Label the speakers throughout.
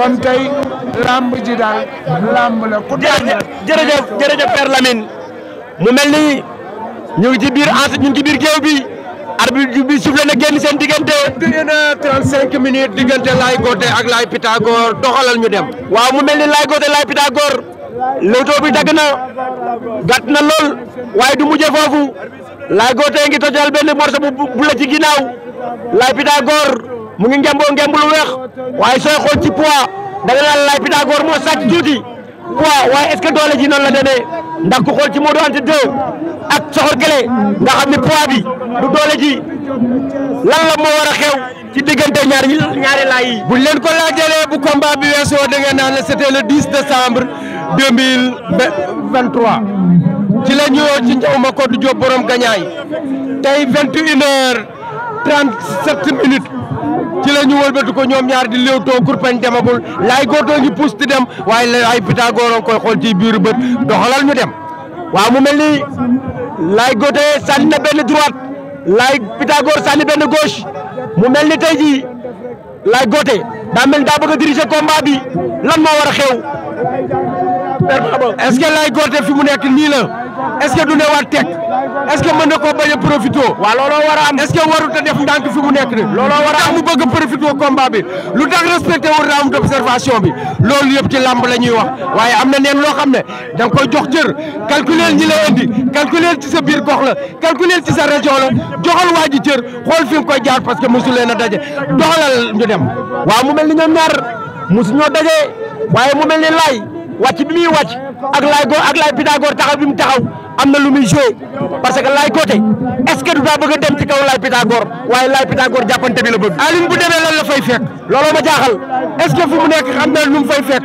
Speaker 1: kon tey lamb ji daal lamb la ku daal jërëjëf jërëjëf mu mel ni ñu ngi ci biir en ñu ngi ci biir géew bi arbitre bi soufflé na génn seen diggante gënee na 35 minutes diggante Laye Gothé ak Laye Pythagore doxalal ñu dem waaw mu mel ni Laye Gothé Laye Pythagore lewtoo bi dagg na gàtt na lool waaye du mujje foofu Laye Gothé ngi tojal benn morceau bu bu la ci ginnaaw mu ngi ngemboo ngemb lu weex waaye sooy xool ci poids da nga naan lay Pythagore moo sàcc tuuti poids waaye est ce que doole ji noonu la demee ndax ku xool ci Modou Anta Diop ak soxor gële nga xam ne poids bi du doole ji lan la moo war xew ci diggante ñaari ñaari laay yi. buñ leen ko laajalee bu combat bi weesoo da nga naan la c'était le 10 décembre 2023 ci la ñëwoo ci Ndiaw Macodou Diop borom gañaay tey 21 heures 37 minutes. ci la ñu wëlbatu ko ñoom ñaar di léewtoo kurpeñ demagul laay gootoo ngi puus di dem waaye laay pitagoro koy xool ci biir bët doxalal ñu dem waaw mu mel ni lay goote sànni na benn droite laay pitagore sànni benn gauche mu mel ni tey jii laay goote daa mel daa bëgg a diriger combat bi lan moo war a xew est-ce que Laye Gothé fi mu nekk nii la est-ce que du ne waat teg est-ce que mën na koo bañ a profité. waaw looloo war que warut a def ndànk fi mu nekk nii. looloo war a am mu bëgg a profité bi lu tax respecté wu round d'observation bi loolu yëpp ci làmb la ñuy wax waaye am na neen loo xam ne da nga jox jër calculer ñi la indi calculer ci sa biir gox la calculer ci sa région la joxal waa ji jër xool fi nga jaar parce que mosu leen a daje doxalal ñu dem waaw mu mel ni ñoom ñaar mosu ñoo daje waaye mu mel ni Laye wàcc bi muy wàcc ak laay go taxaw bi mu taxaw am na lu muy joué parce que laay côté est-ce que du daa bëgg dem ci kaw laay Pythagore waaye laay Pythagore jàppante bi la bëgg. Alioune bu demee lan la fay fekk looloo ma jaaxal est-ce nekk xam na lu mu fay fekk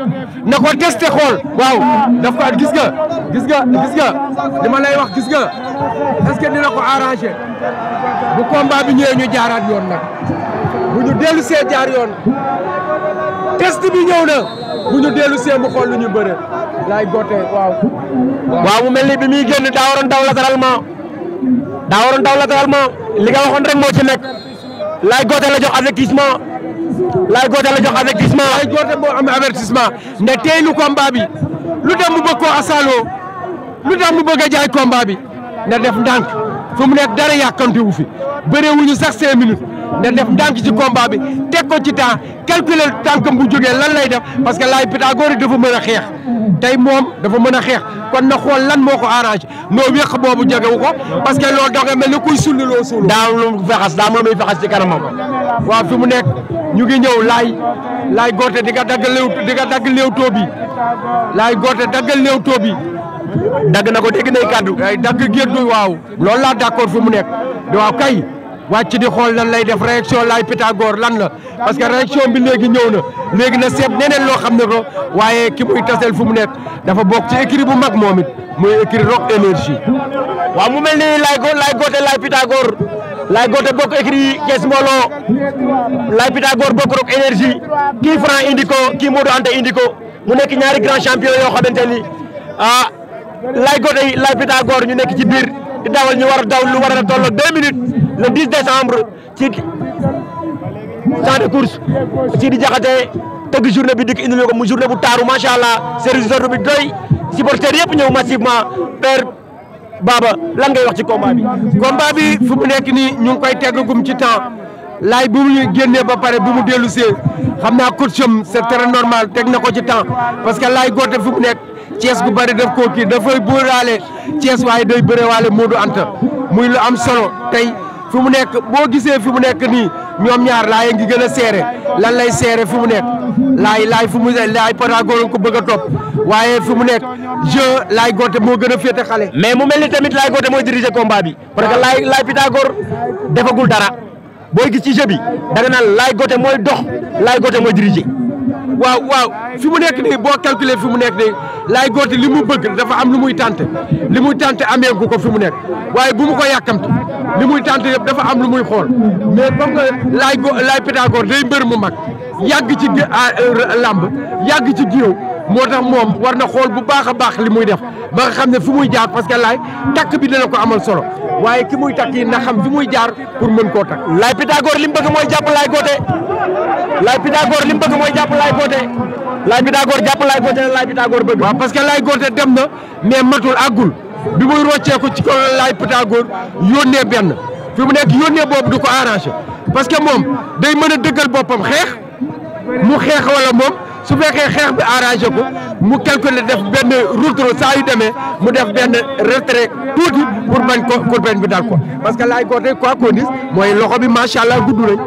Speaker 1: na ko testé xool. waaw daf ko gis nga gis nga gis nga li ma lay wax gis nga est-ce que ko arrangé bu combat bi ñëwee ñu jaaraat yoon nag bu ñu dellu see jaar yoon. test bi ñëw na bu ñu dellu see mu lu ñu bëre laay gote waaw. waaw mu mel ni bi muy génn daa waroon daw latéralement daa waroon daw latéralement li nga waxoon rek moo ci nekk laay gote la jox avertissement laay gote la jox avertissement. laay gote boo am avertissement ne tey lu ko combat bi lu tax mu bëgg koo asaaloo lu tax mu bëgg a jaay combat bi na def ndànk fu mu nekk dara yàkkamti wu fi bëree wu ñu sax cinq minutes. na def ndànk ci combat bi teg ko ci temps calculer tànkam bu jógee lan lay def parce que laay Pythagore dafa mën a xeex tey moom dafa mën a xeex kon na xool lan moo ko arrangé noo wéq boobu jegewu ko parce que loolu da mel ni kuy sulli loo suul. daa am lu mu fexas daa am lu muy fexas ci kanamam waaw fi mu nekk ñu ngi ñëw laay laay goote di nga dagg léew di nga dagg léewtoo bi laay goote daggal léewtoo bi dagg na ko dégg nay kàddu. ay dagg géddu waaw loolu laa d'accord fi mu nekk waaw kay. wàcc di xool lan lay def réaction laay Pythagore lan la parce que réaction bi léegi ñëw na léegi na seet neneen loo xam ne ko waaye ki muy taseel fu mu nekk dafa bokk ci écrit bu mag moom it muy écrit Rock Énergie waaw mu mel ni laay go laay goote laay Pythagore laay goote bokk écrit Thiès Mbooloo laay Pythagore bokk Rock Énergie kii Franc indi ko kii Modou Anta indi ko mu nekk ñaari grand champion yoo xamante ni ah laay goote laay Pythagore ñu nekk ci biir di dawal ñu war a lu war a le 10 décembre ci champ de course ci di jaxate tëgg journée bi dikk indi ko mu journée bu taaru macha allah service d'ordre bi doy supporter yëpp ñëw massivement père Baba lan ngay wax ci combat bi. combat bi fu mu nekk nii ñu ngi koy teggagum ci temps laay bu mu génnee ba pare bu mu dellu see xam naa coach am est très normal teg na ko ci temps parce que laay goote fu mu nekk Thiès gu bëri daf koo kii dafay buuraale Thiès waaye day bërewaale Modou Anta muy lu am solo tey. fi mu nekk boo gisee fi mu nekk nii ñoom ñaar laay ngi gën a seere lan lay seere fi mu nekk laay laay fi mu laay Pythagore ko bëgg a topp waaye fi mu nekk jeu laay gote moo gën a féete xale. mais mu mel ni tamit laay gote mooy diriger combat bi. parce que laay laay Pythagore defagul dara booy gis ci bi danga naan laay gote mooy dox laay gote mooy diriger. waaw waaw fi mu nekk nii boo calculer fi mu nekk nii. laay goote li mu bëgg dafa am lu muy tànt li muy tànte ameegu ko fi mu nekk waaye bu mu ko yàkkamt li muy tànte yëpp dafa am lu muy xool mais comme que laay laay Pythagore day mbër mu mag yàgg ci ah, euh, làmb yàgg ci géew moo tax moom war na xool bu baax a baax li muy def ba xam ne fi muy jaar parce que laay takk bi dana ko amal solo waaye ki muy takk yi na xam fi muy jaar pour mën koo takk. Laye Pythagore li mu bëgg mooy jàpp Laye Gothé Laye li mu bëgg mooy jàpp Laye Gothé Laye Pythagore jàpp Laye Gothé la Laye Pythagore bëgg. waaw parce que Laye Gothé dem na mais matul àggul bi muy rocceeku ci kaw Laye Pythagore yónnee benn fi mu nekk yónnee boobu du ko arrangé parce que moom day mën a dëggal boppam xeex mu xeex wala moom. su fekkee xeex bi arrangé ko mu calculer def benn retour saa yu demee mu def benn retrait tuuti pour bañ ko kurbeñ bi dal ko parce que laay Gothé quoi qu'on dise mooy loxo bi macha allah gudd nañ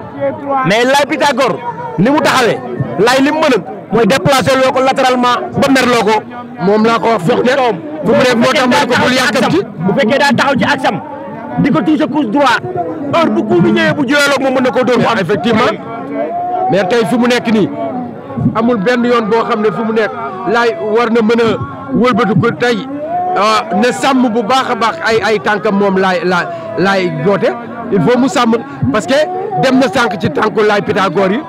Speaker 1: mais laay Pythagore ni mu taxawee laay li mu mën mooy déplacé loo ko latéralement ba mer loo ko moom laa ko wax foog ne fu mu nekk moo tax ma ne ko bul yàkkam ci bu fekkee daa taxaw ci aksam di ko touché couche droit heure bu coup bi ñëwee bu jëloog moom mën na koo dóor mu mais tey fi mu nekk nii amul benn yoon boo xam ne fu mu nekk laay war na mën a wëlbatu ko tey ah, ne sàmm bu baax a baax ay ay tànkam moom laay laay laay goote il faut mu sàmm parce que dem na sànq ci tànku laay Pythagore yi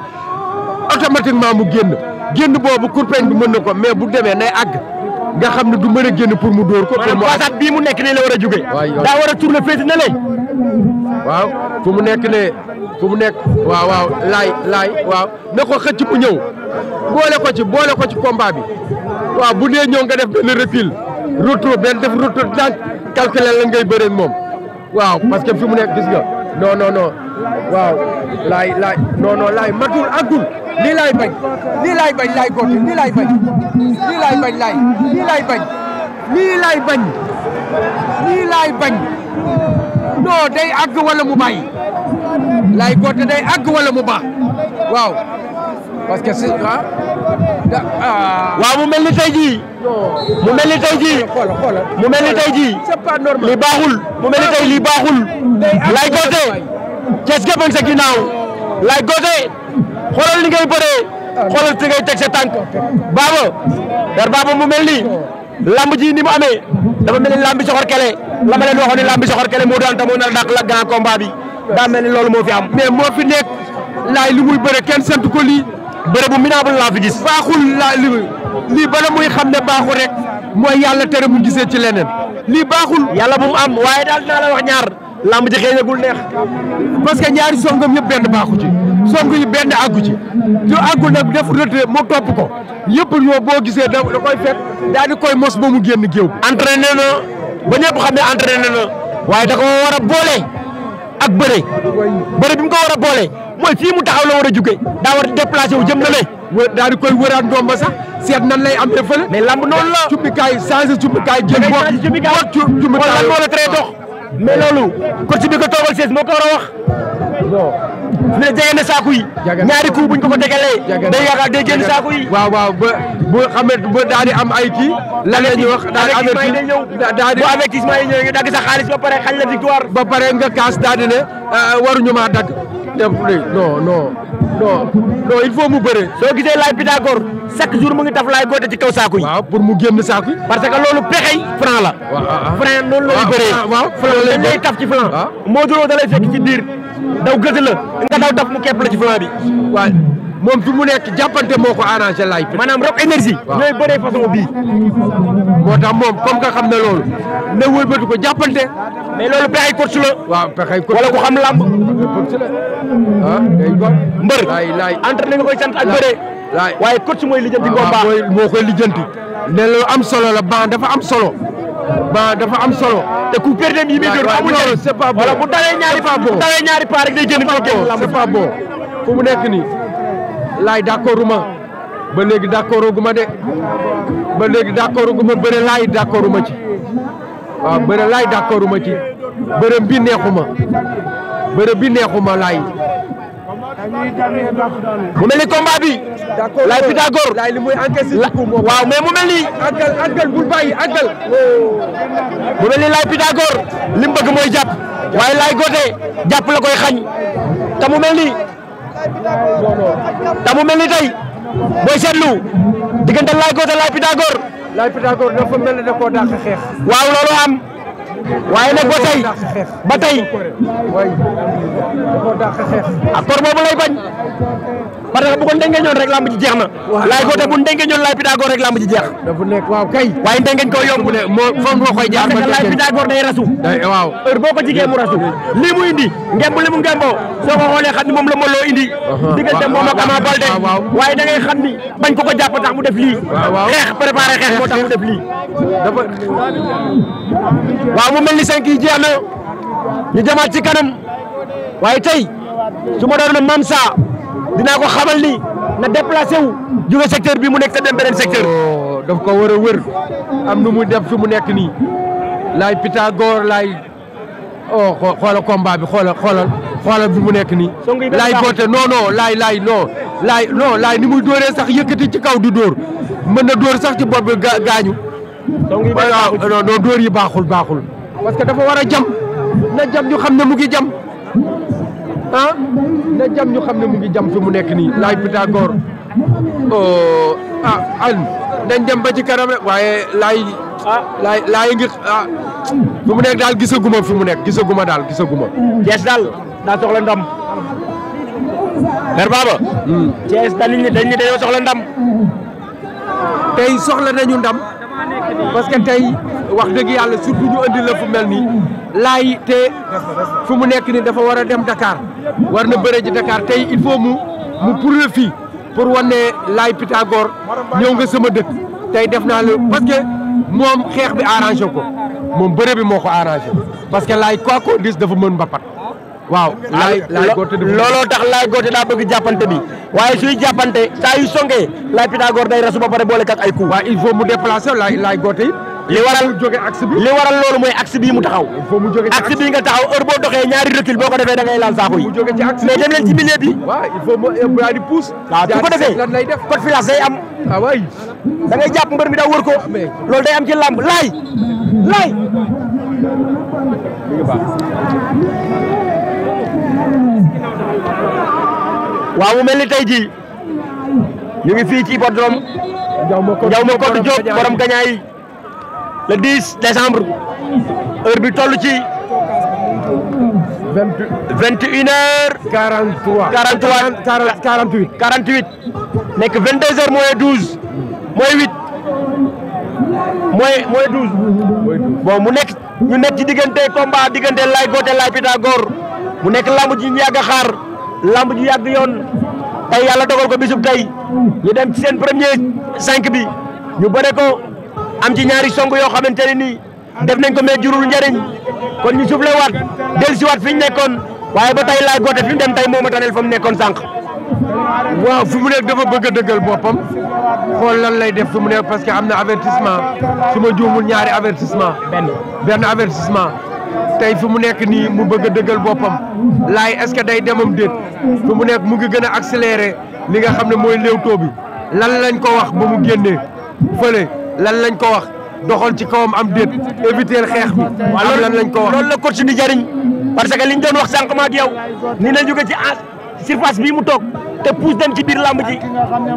Speaker 1: automatiquement mu génn génn boobu kurpeñ bi mën na ko mais bu demee ne àgg nga xam ne du mën a génn pour mu dóor ko. pour mu bii mu nekk nii la war a jóge. daa war a tourner féete na leen. waaw fu mu nekk ne fu mu nekk. waaw waaw laay laay waaw na ko xëcc mu ñëw. boole ko ci boole ko ci combat bi waaw bu dee ñëw nga def benn recul retour benn def retour daan calculer la ngay bëreen moom waaw parce que fi mu nekk gis nga non non non waaw laay laay non non laay matul àggul lii lay bañ lii lay bañ laay góor lii laay bañ lii laay bañ laay lii laay bañ lii laay day àgg wala mu bàyyi laay góor day àgg wala mu baax waaw. parce que si ah. mu mel ni tey jii. mu mel ni tey jii. mu mel ni tey jii. c'est li baaxul. mu mel ni tey lii baaxul. Laye Gothé. Thiès gépp a ngi sa ginnaaw. Laye Gothé. xoolal li ngay bëree. Ah, xoolal fi ngay teg sa tànk. baaba. dar baaba mu mel nii. lamb ji ni mu amee. dafa mel ni lamb bi soxor kele. la ma leen waxoon ni lamb bi soxor kele moo daan ta moo nar a dàq la grand ni loolu moo fi am. mais moo fi nekk. laay lu muy kenn sant ko lii. bëre bu minable laa fi gis. baaxul laa lii bala muy xam ne baaxul rek mooy yàlla tere mu gisee ci leneen lii baaxul. yàlla moom mu am waaye daal dinaa la wax ñaar lamb ji xëy neex parce que ñaari songam yëpp benn baaxu ci song yi benn àggu ci yu àggul nag def retrait mu topp ko yëpp yoo boo gisee da koy fekk daal di koy mos ba mu génn géew. entraîné ba ñëpp xam ne entraîné na waaye da war a boole. ak béré béré bi mu ko war a boole mooy mu taxaw la wara juggé da wara déplacer wu jëm na lé da di koy wëraat ndomba sax sét nan lay am fële. mais lamb non la kay cubbikaay changé kay jëm bo bopp cubbikaay lan moo la tere dox. mais lolu coach bi ko toogal sees moo ko war a wax. ne jege na ñaari coup buñ ko ko tegalee. day yaakaar day génn saako waaw waaw ba xamee ba am ay kii. lan la ñuy wax daal di dagg sa xaalis ba pare xañ la victoire. ba pare nga kaas daal di ne ah, waruñu maa dagg. non non non non il faut mu bëre. soo gisee laay Pythagore chaque jour mu ngi taf laay goote ci kaw saako yi. waaw pour mu génn saako yi. parce que loolu pexey franc la. Ah, ah. franc noonu la ñu franc lay franc. moo juróom da fekk ci biir. daw gëstu la nga daw daf mu képp la ci flan moom fi mu nekk jàppante moo ko arrangé laay. maanaam Rock Énergie. waaw ñooy bëree façon bii. moo tax moom comme nga xam ne loolu. ne wëlbatu ko jàppante. mais loolu pexe coach la. waaw pexe coach la wala ku xam làmb. ah day ko. mbër laay laay koy sant ak waaye coach mooy lijjanti ah, combat. waaw mooy moo koy lijjanti. ne am solo la ban dafa am solo. ba dafa am solo. te ku perte yi muy gën amul njëriñ c'est bon bu dalee ñaari pas bu dalee ñaari pas rek day génn c'est bon fu mu nekk nii laay d'accord ma ba léegi d'accord gu ma de ba léegi d'accord gu ma bëre laay d'accord ma ci waaw bëre laay d'accord ma ci bëre bi neexuma bëre bi neexuma laay. mu mel ni combat bi. laay Pythagore laay li muy encaissé waaw mais mu mel ni. àggal àggal bul bàyyi àggal. mu mel ni laay Pythagore li mooy jàpp waaye laay Gothé jàpp la koy xañ te mu mel ni mu mel ni tey booy seetlu diggante laay Gothé laay Pythagore. waaw loolu am. waaye nag ba tey ba tey accord boobu lay bañ parce que bu ko ndengeñ ñoon rek lamb ji jeex na ko te bu ñoon laay Pythagore rek lamb ji jeex dafa nekk waaw kay waaye ndengeñ ko yomb de koy jaar day rasu waaw heure boo ko mu rasu lii mu indi ngemb li mu ngemboo soo ko xoolee xam ni la ma loo indi diggante moom ak Ama Baldé waaye da ngay xam bañ ko ko tax mu def tax mu def waaw mu mel ni cinq yi jeex na ñu jamaat ci kanam waaye tey su ma na Mame Sa dinaa ko xamal ni na déplacé wu jóge bi mu nekk te dem beneen secteur. Oh, daf ko war a wër am nu mu def fi mu nekk nii laay Pythagore laay oh xoola combat bi xoola xoolal mu nekk nii. laay boote non non laay laay non laay non laay ni muy doore sax yëkkati ci kaw du dóor mën na door sax ci bopp gaañu. song yi yi baaxul baaxul. parce que dafa war a jam na jam ñu xam ne mu ngi jam a ah, na jam ñu xam ne mu ngi jam fi mu nekk nii laay Pythagore oh, ah an dañ dem ba ci kanam waaye laay ah, laay laay ngi ah fi mu nekk daal gisaguma fi mu nekk gisaguma daal gisaguma Thiès daal daa soxla ndam Père Baba hmm. Thiès daal ñu dañoo soxla ndam tey soxla nañu ndam parce que tey wax dëgg yàlla surtout ñu andi la fu mel nii laay te fu mu nekk nii dafa war a dem Dakar war na bëre ji Dakar tey il faut mu mu pour le fii pour wane laay Pythagore ñëw nga sama dëkk tey def naa la parce que moom xeex bi arrangé ko moom bëre bi moo ko arrangé parce que laay quoi qu'on dise dafa mën mbapat waaw laay laay goote looloo tax laay goote daa bëgg jàppante bi waaye suy jàppante saa yu songee laay Pythagore day rasu ba pare boole kak ay coup waaw il faut mu déplacer laay laay goote li waral li waral loolu mooy axe bii mu taxaw axe bii nga taxaw heure boo doxee ñaari recul boo ko defee da ngay laal saako yi mais dem leen ci milieu bi waaw il faut euh, di pousse waaw su ko defee confiance day am ah, da ngay jàpp mbër mi daa wër ko loolu day am ci làmb laay laay waaw mu mel ni tey ji ñu ngi fii ci hippodrome Ndiaw ma Codou Diop borom gañaay le 10 décembre heure bi toll ci. vingt vingt une heure. quarante trois quarante trois quarante huit. quarante huit nekk vingt deux heures moins douze moins huit moins moins douze. bon mu nekk ñu nekk ci diggante combat diggante Laye Gothé Laye Pythagore mu nekk lamb ji ñu yàgg a xaar lamb ji yàgg yoon tey yàlla dogal ko bisub tey ñu dem seen premier cinq bi ñu bëre ko. am ci ñaari song yoo xamante ne nii def nañ ko mais jurul njëriñ kon ñu soufflé waat dellusi waat fi ñu nekkoon waaye ba tey laay goote fi dem tey moo ma taneel fa mu nekkoon sànq. waaw fi mu nekk dafa bëgg a dëggal boppam xool lan lay def fi mu nekk parce que am na avertissement su ma juumul ñaari avertissement. benn benn avertissement. tey fi mu nekk nii mu bëgg a dëggal boppam est-ce que day demam déet fi mu nekk mu ngi gën a accéléré li nga xam ne mooy léewtoo bi lan lañ ko wax ba mu génnee fële. lan lañ ko wax doxal ci kawam am déet éviter xeex bi. am lan lañ ko wax loolu la si di jariñ parce que ñu doon wax sànq ma ak yow ni na jóge ci surface bii mu toog te pousse dem ci biir làmb ji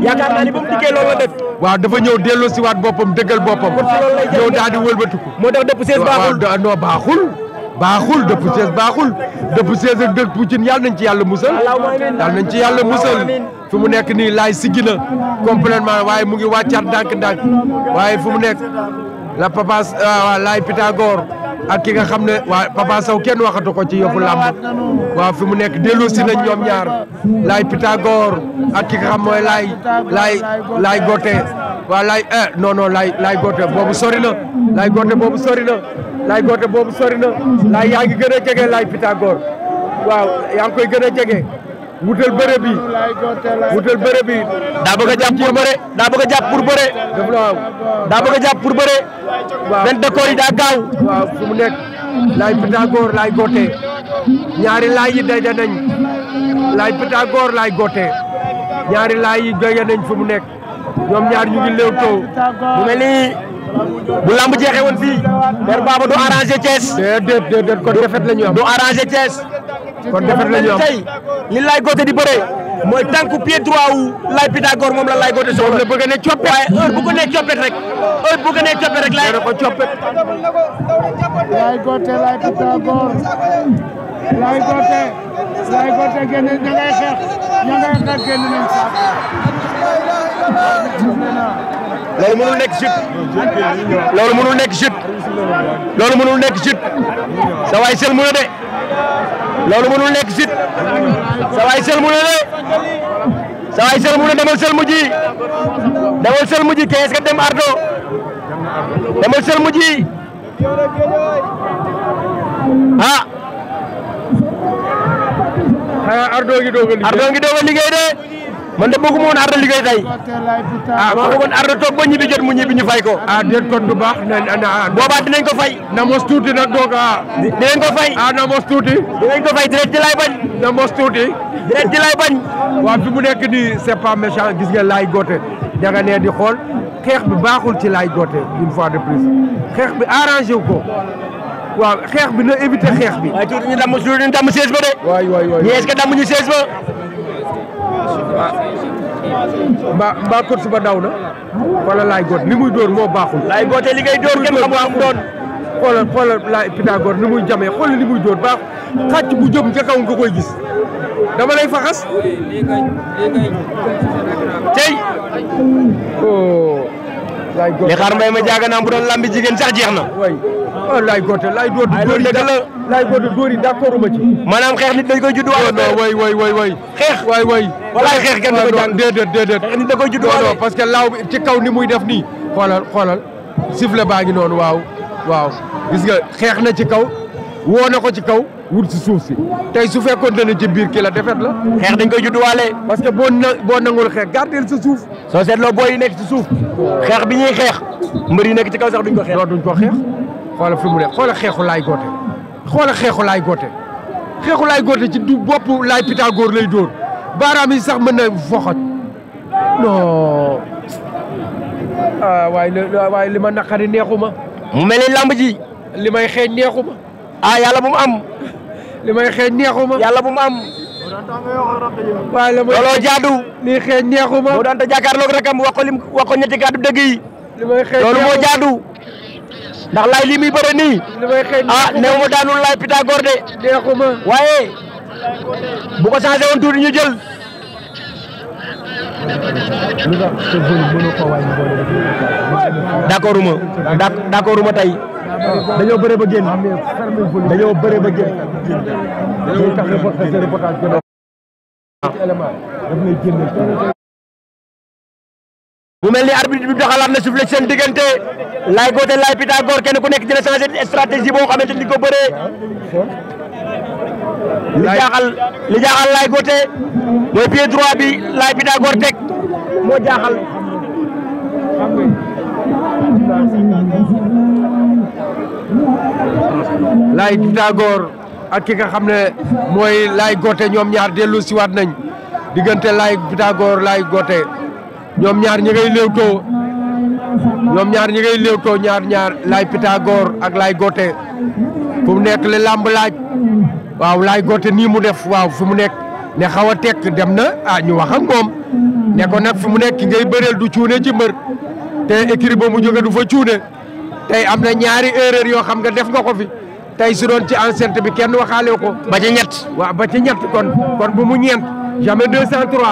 Speaker 1: yaakaar naa ni ba mu dikkee loolu la def. waaw dafa ñëw delloo si waat boppam dëggal boppam. ñëw daal di wëlbatiku. moo tax dëpp sees baaxul waaw non baaxul. baaxul dëpp sees baaxul dëpp sees ak dëpp cin yàlla nañ ci yàlla musal. yàlla nañ ci yàlla musal. fi mu nekk nii laay siggi na complètement waaye mu ngi wàccaat ndànk-ndànk waaye fi mu nekk la papa ah, waaw laay ak ki nga xam ne waa papa Sow kenn waxatu ko ci yëfu làmb waaw fi mu nekk delloosi nañ ñoom ñaar laay Pythagore ak ki nga xam mooy laay lay laay gote waaw laay eh non non laay gote boobu sori na laay gote boobu sori na laay gote boobu sori na gën a jege laay Pythagore waaw yaa ngi koy gën a jege wutal bëre bi wutal bëre bi. daa bëgg a jàpp pour daa bëgg a jàpp pour bëre. daa bëgg a jàpp pour bëre. waaw benn décor yi daa gaaw. waaw fu mu nekk laay Pythagore laay gootee ñaari laay yi daje nañ laay Pythagore laay gootee ñaari laay yi daje nañ fu mu nekk ñoom ñaar ñu ngi léew taw mu mel ni. bu lamb jeexee woon fii. Père Baba du arrangé Thiès. la ñu am. du arrangé Thiès. kon defar la ñu am tey li Laye Gothé di bëree mooy tànku pied droit wu Laye Pythagore moom la Laye Gothé soxla. la bëgg a ne coppet waaye heure bu ko nee coppet rek heure bu ko nee coppet rek. laay ko coppet. Laye Gothé Laye Pythagore Laye Gothé Laye Gothé génn ña ngay xeex ña ngay xeex génn nañ saako. loolu mënul nekk jub. loolu mënul nekk jub. loolu mënul nekk sit sa waay sel mu ne de loolu mënul nekk sit sa waay sel mu ne de sa waay sel mu ne demal sel mu ji demal sel mu ji kees ka dem ardo demal sel mu ji ah. ardo ngi doog a liggéey ardo ngi doog a liggéey de. man de bëgguma woon Ardo liggéey tey ah ma bëggoon Ardo toog ñibbi jot mu ñibbi ñu fay ko ah déet kon du baax na boobaa ko fay na mos tuuti nag doog ah dinañ ko fay ah na mos tuuti dinañ ko fay direct ci lay bañ na mos tuuti direct ci lay bañ waaw fi mu nekk nii sepa pas méchant gis nga laay goote da nga nee di xool xeex bi baaxul ci laay goote une fois de plus xeex bi arrangé wu ko waaw xeex bi na éviter xeex bi waaye tuuti ñu damm tuuti ñu damm siège ba de ñu est-ce ñu siège ba mbaa mbaa course ba daw na wala laay goot li muy dóor moo baaxul. laay goote li ngay dóor kenn xamul am doon. xoolal xoolal laay Pythagore ni muy jamee xoolal li muy dóor baax xàcc bu jëm ca kaw nga koy gis dama lay faxas. tey. Oh. mais xaar mbay ma jaaga naa bu doon lambi jigéen sax jeex na. waaw laay gote laay dootu. góor yi da laay dootu góor ci. maanaam xeex nit dañ koy judd waale. non way way way way xeex way way walaay xeex kenn du ko jàng déedéet déedéet. xeex nit da koy judd waale. parce que laaw ci kaw ni muy def nii. xoolal xoolal sifflet baa ngi noonu waaw waaw gis nga xeex na ci kaw woo na ko ci kaw. wut si suuf si tey su fekkoon ne ci biir kii la defet la xeex dañ koy judduwaale parce que boo na boo nangul xeex gardeel sa suuf soo seetloo booy yi nekk ci suuf xeex bi ñuy xeex mbër yi nekk ci kaw sax duñ ko xeex duñ ko xeex xoola fi mu ne xoola xeexu laay goote xoola xeexu laay goote xeexu laay goote ci du bopp laay Pythagore lay dóor baaraam yi sax mën na foxat non ah waaye li ma naqari neexuma mu mel ni làmb ji li may xeeñ neexuma ah yàlla mu am li may xeeñ neexuma. yàlla bu mu am. waaw li jaadu. li xeeñ neexuma. mu daan ta jàkkaarloog rakam lim wax ñetti kàddu dëgg yi. li may xeeñ loolu jaadu. ndax laay li bëre nii. li may ah néew ma daanul Pythagore de. neexuma waaye bu ko changé woon tuuti ñu jël. d' dañoo bëre ba génn dañoo ba génn dañoo mu mel ni arbitre bi doxalaat na soufflé seen diggante laay goote laay Pythagore kenn ku nekk dina changé stratégie boo xamante ni ko bëree li mooy pied bi laay Pythagore teg moo jaaxal laay Pythagore ak ki nga xam ne mooy laay goote ñoom ñaar dellu siwaat nañ diggante laay Pythagore laay goote ñoom ñaar ñi ngay léewtoo ñoom ñaar ñi ngay léewtoo ñaar ñaar laay Pythagore ak laay goote fu nekk le làmb laaj waaw laay goote nii mu def waaw fu mu nekk ne xaw a tekk dem na a ah, ñu wax ak moom ne ko nag fu mu nekk ki ngay bëreel du cuune ci mbër te écrit ba mu jóge du fa cuune tey am na ñaari erreur yoo xam nga def nga ko tey su doon ci enceinte bi kenn waxaale ko. ba ci ñett. waaw ba ci ñett kon kon bu mu ñeent. jamais 203.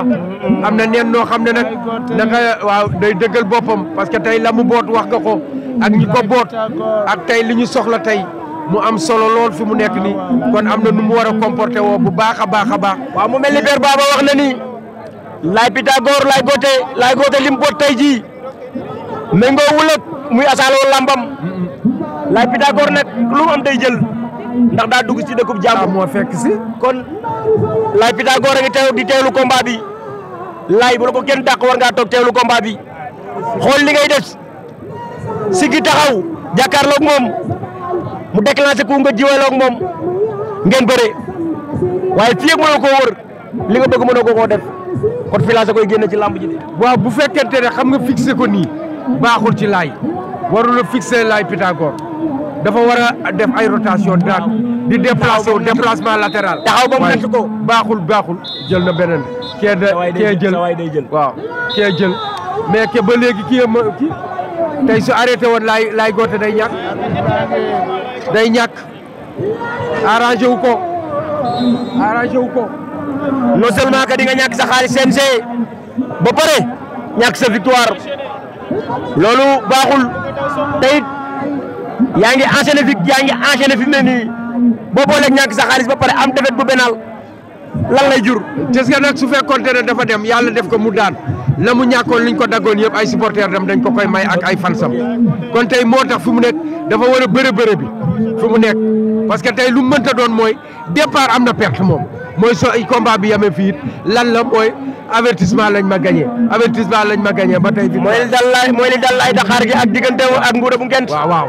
Speaker 1: am na neen noo xam ne nag naka waaw day dëggal boppam parce que tey la boot wax nga ko ak ñi ko boot ak tey li ñu soxla tey. mu am solo lool fi mu nekk ni kon am na nu mu war a comporté woo bu baax a baax a baax. waaw mu mel ni Père wax na ni laay Pythagore laay goote laay goote boot tey ji méngoo nga ak muy asaaloo lambam. la Pythagore nag lu am day jël ndax daa dugg ci dëkkub jàmm moo fekk si kon la Pythagore a ngi teew di teewlu combat bi laay bu la ko kenn dàq war ngaa toog teewlu combat bi xool li ngay def sigi taxaw jàkkaarloog moom mu déclenché ku nga jiwaloog moom
Speaker 2: ngeen bëre waaye fii ak mënoo koo wër
Speaker 1: li nga bëgg mënoo ko koo def kon filasa koy génne ci lamb ji de. bu fekkente xam nga fixé ko nii baaxul ci warul dafa war a def ay rotation daat di déplacer wu déplacement latéral. taxaw ba mu natt ko baaxul baaxul. jël na beneen kee da kee jël waaw kee jël mais ke ba léegi kii ma kii tey su arrêté woon laay laay goote day ñàkk day ñàkk arrangé wu ko arrangé wu ko. non seulement que di nga ñàkk sa xaalis CNG ba pare ñàkk sa victoire loolu baaxul tey. yaa ngi enchaîné fi yaa ngi enchaîné fi mu ne nii boo booleeg ñàkk sa xaalis ba pare am defet bu pénal lan lay jur. gis nga nag su fekkoonte ne dafa dem yàlla def ko mu daan la mu liñ ko daggoon yëpp ay supporters dem dañ ko koy may ak ay fansam kon tey moo tax fu mu nekk dafa war a bëre bëre bi fu mu nekk parce que tey lu mënta doon mooy départ am perte moom mooy so combat bi yamee fii lan la mooy avertissement lañ ma gagné avertissement lañ ma gagné ba tey. mooy li dal laay mooy li dal laay daxaar gi ak diggante ak nguur bu waaw waaw.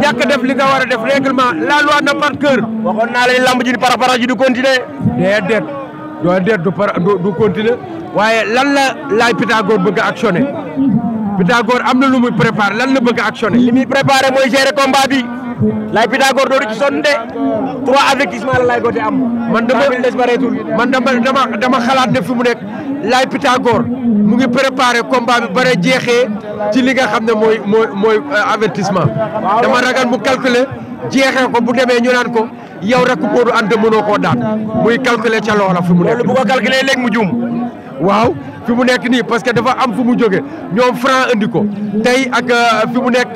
Speaker 1: ñàkk def li nga war a def règlement la loi na par waxoon naa leen lamb ji di para para ji du continuer. déedéet doo déet du para du waaye lan la laay Pythagore bëgg a actionné Pythagore am na lu mu préparé lan la bëgg a actionné. li muy mooy gérer combat bi. lay Pythagore doo ci sonn de trois avertissement la lay gote am. man dama man dama dama dama xalaat ne fi mu nekk lay Pythagore mu ngi préparé combat bi bare jeexee ci li nga xam ne mooy mooy mooy euh, avertissement. dama ragal mu calculer jeexee ko bu demee ñu naan ko yow rek boodu ànd mënoo koo daan muy calculer ca loola fi mu nekk. bu ko calculer léegi mu juum. waaw fi mu nekk nii parce que dafa am fu mu jóge ñoom franc andi ko tey ak euh, fi mu nekk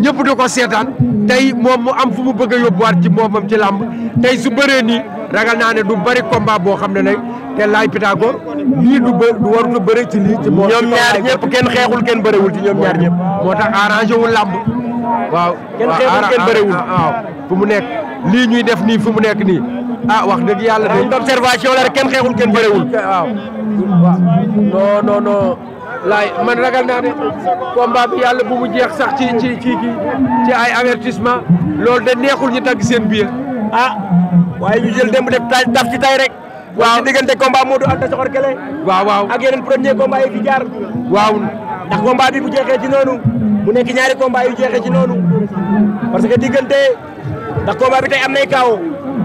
Speaker 1: ñëpp di ko seetaan. tey moom mu am fu mu bëgg a yóbbuwaat ci moomam ci làmb tey su bëree nii ragal naa ne du bari combat boo xam ne nag te laay Pythagore lii du bë du warut bëre ci lii. ci boor ñoom ñaar ñëpp kenn xeexul kenn bëriwul ci ñoom ñaar ñëpp. moo tax arrangé wu làmb. waaw kenn xeexul kenn bëriwul waaw ah, ah, ah, fu mu nekk lii ñuy def nii fu mu nekk nii ah wax dëgg yàlla de. observation la rek kenn xeexul kenn bëriwul. laay man ragal naa ne combat bi bu mu jeex sax ci ci ci ay avertissement loolu de neexul ñu tagg seen biir a ah, waaye ñu jël démb def tay taf ci tay rek. waaw ci diggante combat Modou Anta Soxor Kele. waaw waaw ak yeneen premier combat yi fi jaar. waaw ndax combat bu jeexee ci noonu mu nekk ñaari combat yu jeexee ci noonu parce que diggante ndax combat tey am nay kaawoo.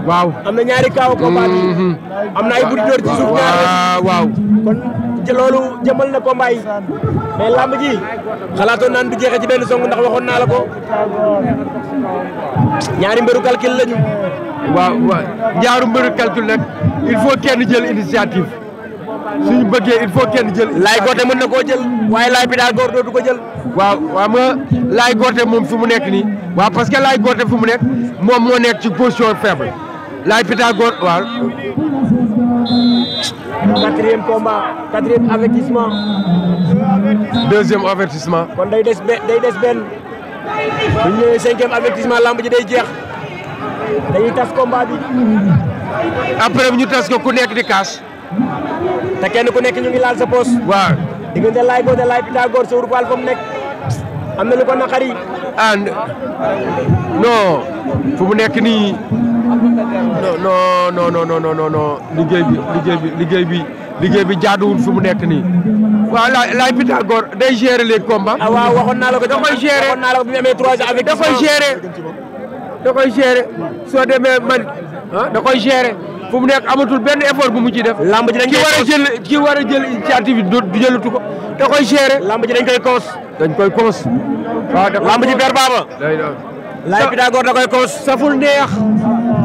Speaker 1: waaw am na ñaari kaaw combat bi. Mhm. am na ay buddi door ci suuf ñaar waaw kon loolu na combat yi lamb ji xalaatoon naan du jeexee ci benn song ndax waxoon naa la ko ñaari mbëru calcul lañu. waaw waaw ñaari mbëru calcul nag il faut kenn jël initiative. suñu bëggee il faut kenn jël. laay goote mën na koo jël. waaye laay bi daal góor doo du ko jël. waaw waaw ma laay goote moom fi mu nekk nii. waaw parce que laay goote fi mu nekk moom moo nekk ci position faible. laay Pythagore waaw. quatrième combat quatrième avertissement. deuxième des day des benn lamb ji day jeex dañuy tas combat bi. après ñu tas ko ku nekk di kaas. te kenn ku nekk ñu ngi laal sa poos. waaw laay de laay Pythagore Sow Rupaal fa mu nekk am na lu ko naqari. ah non fu mu nekk nii. non non non non non non non liggéey bi liggéey bi liggéey bi liggéey bi jaaduwul fi mu nekk nii. waaw laay laay Pythagore day gérer les combats. ah waaw waxoon da koy gérer waxoon naa la da koy soo demee man ah da koy gérer fu mu nekk amatul benn effort bu mu ci def. lamb ji dañ koy coos ki war a jël ki war a jël initiative du jëlatu ko da koy gérer. lamb dañ koy coos. dañ koy coos. waaw da koy laay Pythagore da koy coos. saful neex.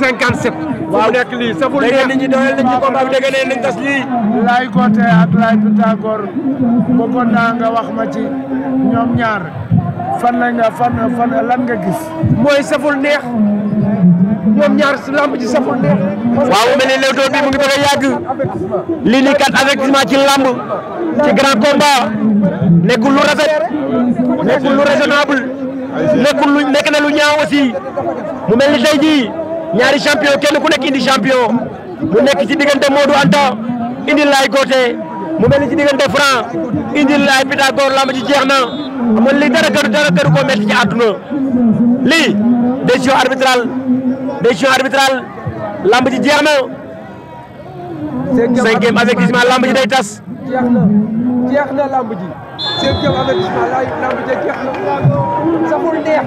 Speaker 1: 57. waaw nekk lii saful neex nit ñi doyal nañ ci combat Laay Gote ak Laay Pythagore bëggoon naa nga wax ma ci ñoom ñaar fan la nga fan nga gis. mooy saful neex ñoom ñaar si lamb ji saful neex. waaw mel ni Leewtoo bi mu ngi bëgg a yàgg lii nii kat avertissement ci lamb ci grand combat nekkul lu rafet nekkul lu raisonnable nekkul lu nekk na lu ñaaw aussi mu mel ni ñaari champion kenn ku nekk indi champion mu nekk ci diggante Modou Anta indi laay Goté mu mel ni ci diggante Franc indi laay Pythagore lamb jeex na amoon lii dara gënu dara gënu koo métti ci àdduna jeex na cinquième avertissement lamb ji day tas jeex na jeex neex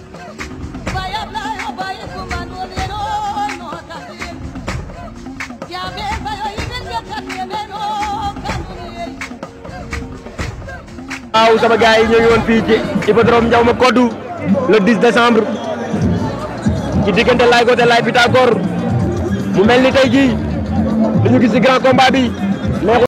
Speaker 1: waaw sama gars yi ñu ngi woon fii ci hippodrome Ndiaw le 10 décembre ci diggante Laye Gothé Laye Pythagore mu mel ni tey jii li ñu gis grand combat